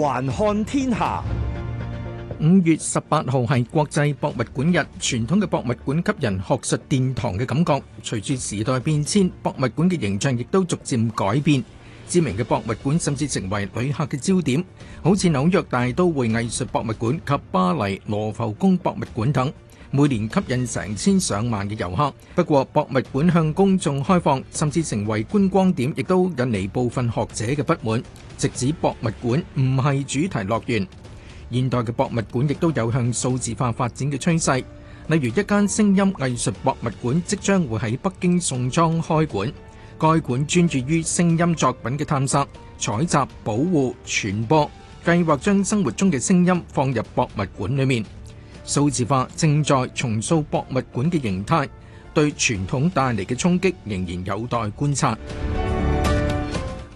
環看天下，五月十八號係國際博物館日。傳統嘅博物館給人學術殿堂嘅感覺。隨住時代變遷，博物館嘅形象亦都逐漸改變。知名嘅博物館甚至成為旅客嘅焦點，好似紐約大都會藝術博物館及巴黎羅浮宮博物館等。每年吸引成千上萬嘅遊客，不過博物館向公眾開放，甚至成為觀光點亦都引嚟部分學者嘅不滿，直指博物館唔係主題樂園。現代嘅博物館亦都有向數字化發展嘅趨勢，例如一間聲音藝術博物館即將會喺北京宋莊開館。該館專注於聲音作品嘅探索、採集、保護、傳播，計劃將生活中嘅聲音放入博物館裏面。數字化正在重塑博物館嘅形態，對傳統帶嚟嘅衝擊仍然有待觀察。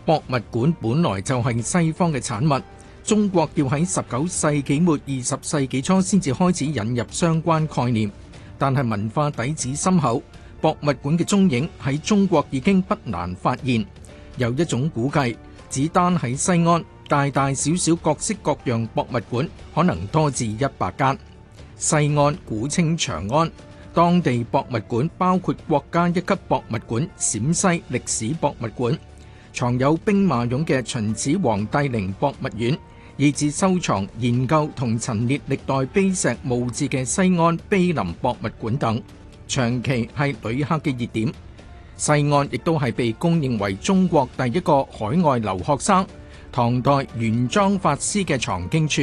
博物館本來就係西方嘅產物，中國要喺十九世紀末二十世紀初先至開始引入相關概念，但係文化底子深厚，博物館嘅蹤影喺中國已經不難發現。有一種估計，只單喺西安大大小小各式各樣博物館可能多至一百間。西安古稱長安，當地博物館包括國家一級博物館陝西歷史博物館，藏有兵馬俑嘅秦始皇帝陵博物館，以至收藏研究同陳列歷代碑石墓誌嘅西安碑林博物館等，長期係旅客嘅熱點。西安亦都係被公認為中國第一個海外留學生唐代玄奘法師嘅藏經處。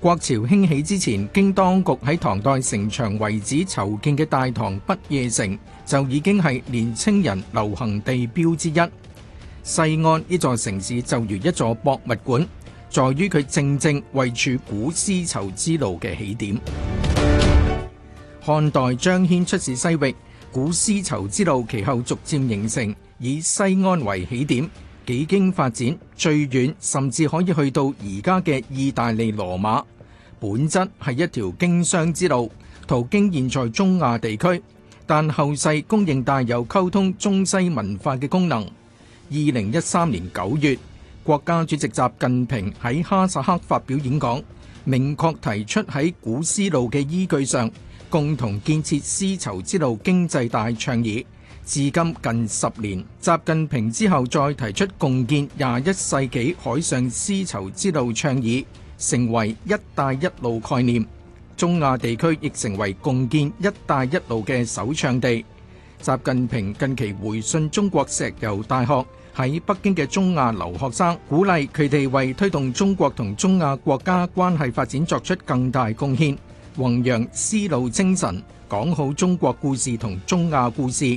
國潮興起之前，經當局喺唐代城牆遺址籌建嘅大唐不夜城就已經係年青人流行地標之一。西安呢座城市就如一座博物館，在於佢正正位處古絲綢之路嘅起點。漢代張騫出使西域，古絲綢之路其後逐漸形成，以西安為起點。幾經發展，最遠甚至可以去到而家嘅意大利羅馬，本質係一條經商之路，途經現在，在中亞地區，但後世公認大有溝通中西文化嘅功能。二零一三年九月，國家主席習近平喺哈薩克發表演講，明確提出喺古絲路嘅依據上，共同建設絲綢之路經濟帶倡議。至今近十年，習近平之後再提出共建廿一世紀海上絲綢之路倡議，成為「一帶一路」概念。中亞地區亦成為共建「一帶一路」嘅首倡地。習近平近期回信中國石油大學喺北京嘅中亞留學生，鼓勵佢哋為推動中國同中亞國家關係發展作出更大貢獻，弘揚絲路精神，講好中國故事同中亞故事。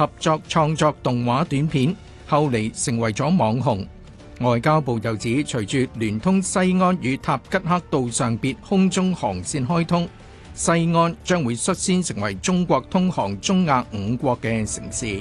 合作創作動畫短片，後嚟成為咗網紅。外交部又指，隨住聯通西安與塔吉克杜尚別空中航線開通，西安將會率先成為中國通航中亞五國嘅城市。